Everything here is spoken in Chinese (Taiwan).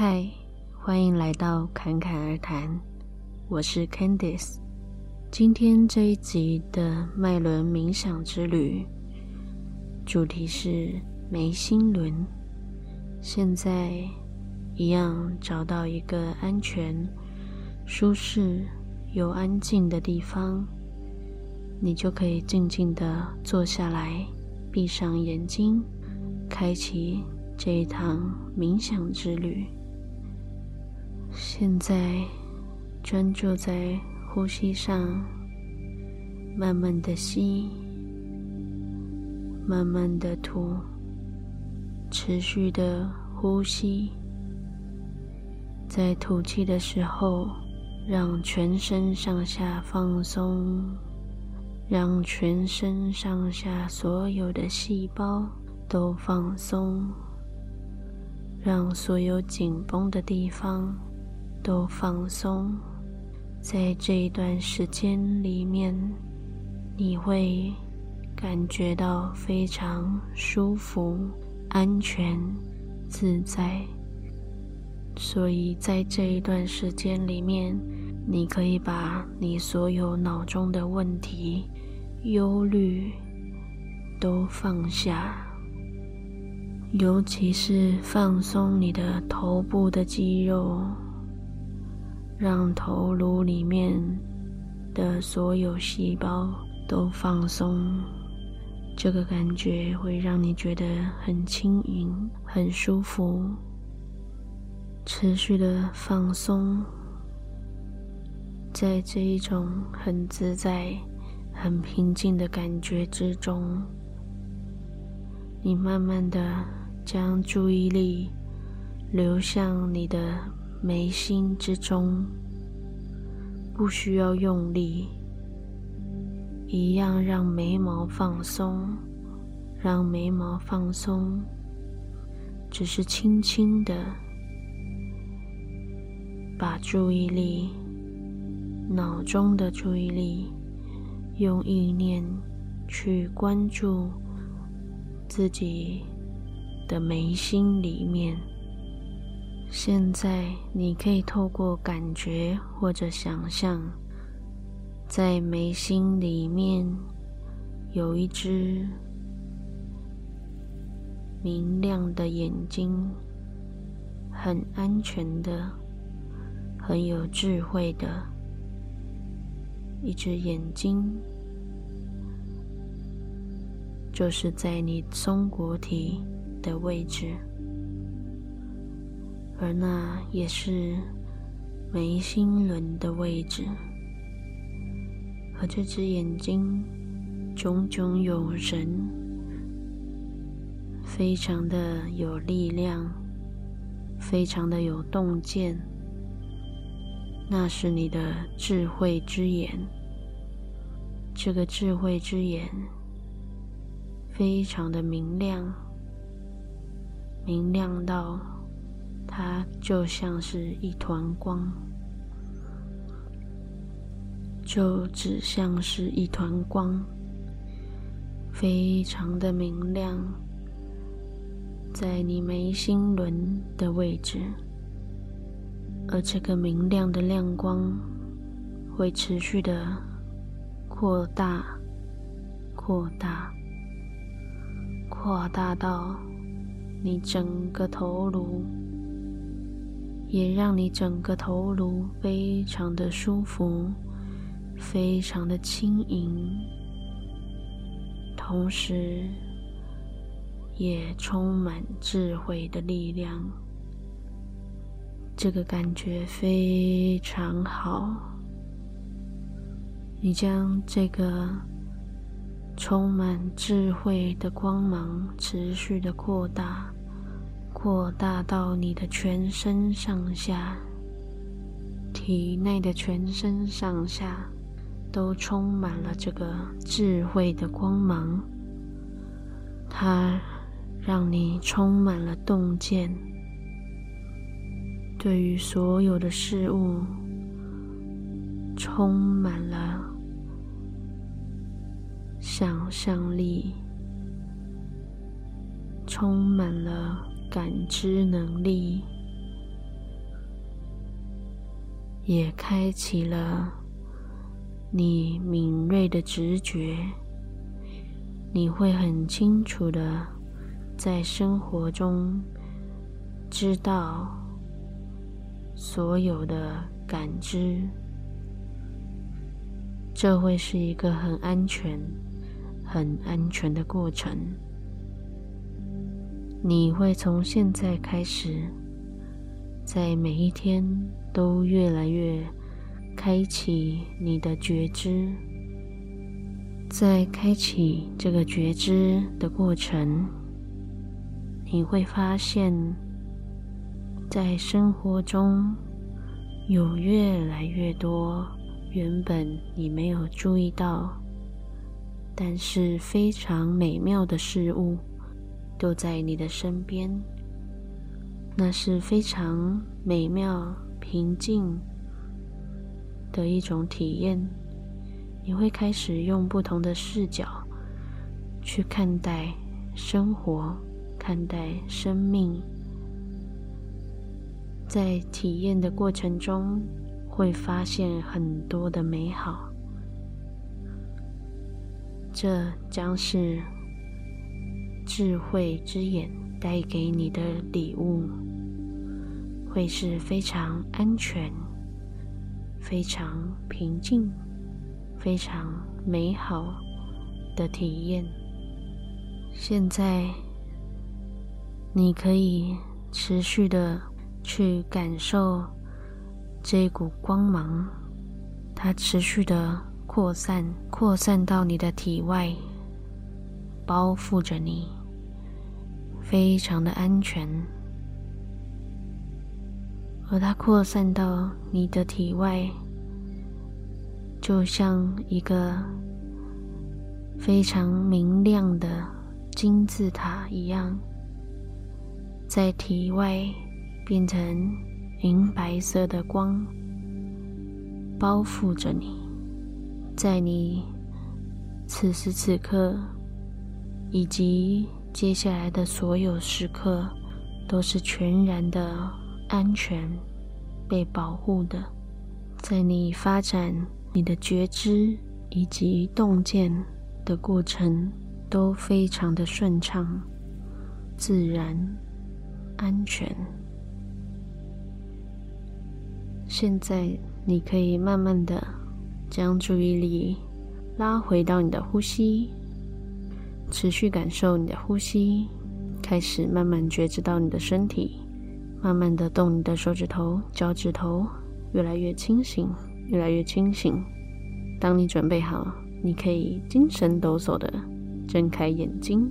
嗨，Hi, 歡迎來到侃侃而談，我是 Candice。今天這一集的脈輪冥想之旅，主題是眉心輪。現在，一樣找到一個安全、舒適又安靜的地方，你就可以靜靜地坐下來，閉上眼睛，開啟這一趟冥想之旅。現在專注在呼吸上，慢慢的吸，慢慢的吐，持續的呼吸。在吐氣的時候，讓全身上下放鬆，讓全身上下所有的細胞都放鬆，讓所有緊繃的地方。都放鬆，在這一段時間裡面，你會感覺到非常舒服、安全、自在。所以在這一段時間裡面，你可以把你所有腦中的問題、憂慮都放下，尤其是放鬆你的頭部的肌肉。讓頭顱裡面的所有細胞都放鬆，這個感覺會讓你覺得很輕盈、很舒服。持續的放鬆，在這一種很自在、很平靜的感覺之中，你慢慢的將注意力流向你的眉心之中，不需要用力，一樣讓眉毛放鬆，讓眉毛放鬆，只是輕輕的把注意力，腦中的注意力，用意念去關注自己的眉心裡面。現在，你可以透過感覺或者想象，在眉心裡面有一隻明亮的眼睛，很安全的，很有智慧的，一隻眼睛，就是在你松果體的位置。而那也是眉心輪的位置，和這只眼睛炯炯有神，非常的有力量，非常的有洞見。那是你的智慧之眼，這個智慧之眼非常的明亮，明亮到。它就像是一團光，就只像是一團光，非常的明亮，在你眉心輪的位置。而這個明亮的亮光會持續的擴大、擴大、擴大到你整個頭顱。也讓你整個頭顱非常的舒服，非常的輕盈，同時也充滿智慧的力量。這個感覺非常好。你將這個充滿智慧的光芒持續的擴大。擴大到你的全身上下，體內的全身上下，都充滿了這個智慧的光芒。它讓你充滿了洞見，對於所有的事物，充滿了想象力，充滿了。感知能力也開啟了你敏銳的直覺，你會很清楚地在生活中知道所有的感知。這會是一個很安全、很安全的過程。你會從現在開始，在每一天都越來越開啟你的覺知。在開啟這個覺知的過程，你會發現，在生活中有越來越多原本你沒有注意到，但是非常美妙的事物。都在你的身邊，那是非常美妙、平靜的一種體驗。你會開始用不同的視角去看待生活、看待生命，在體驗的過程中會發現很多的美好，這將是，智慧之眼帶給你的禮物，會是非常安全、非常平靜、非常美好的體驗。現在，你可以持續的去感受這股光芒，它持續的擴散，擴散到你的體外，包覆着你。非常的安全，而它擴散到你的體外，就像一個非常明亮的金字塔一樣，在體外變成銀白色的光，包覆着你，在你此時此刻以及，接下來的所有時刻，都是全然的安全、被保護的。在你發展你的覺知以及洞見的過程，都非常的順暢、自然、安全。現在，你可以慢慢的將注意力拉回到你的呼吸。持續感受你的呼吸，開始慢慢覺知到你的身體，慢慢的動你的手指頭、腳趾頭，越來越清醒，越來越清醒。當你準備好，你可以精神抖擻的睜開眼睛。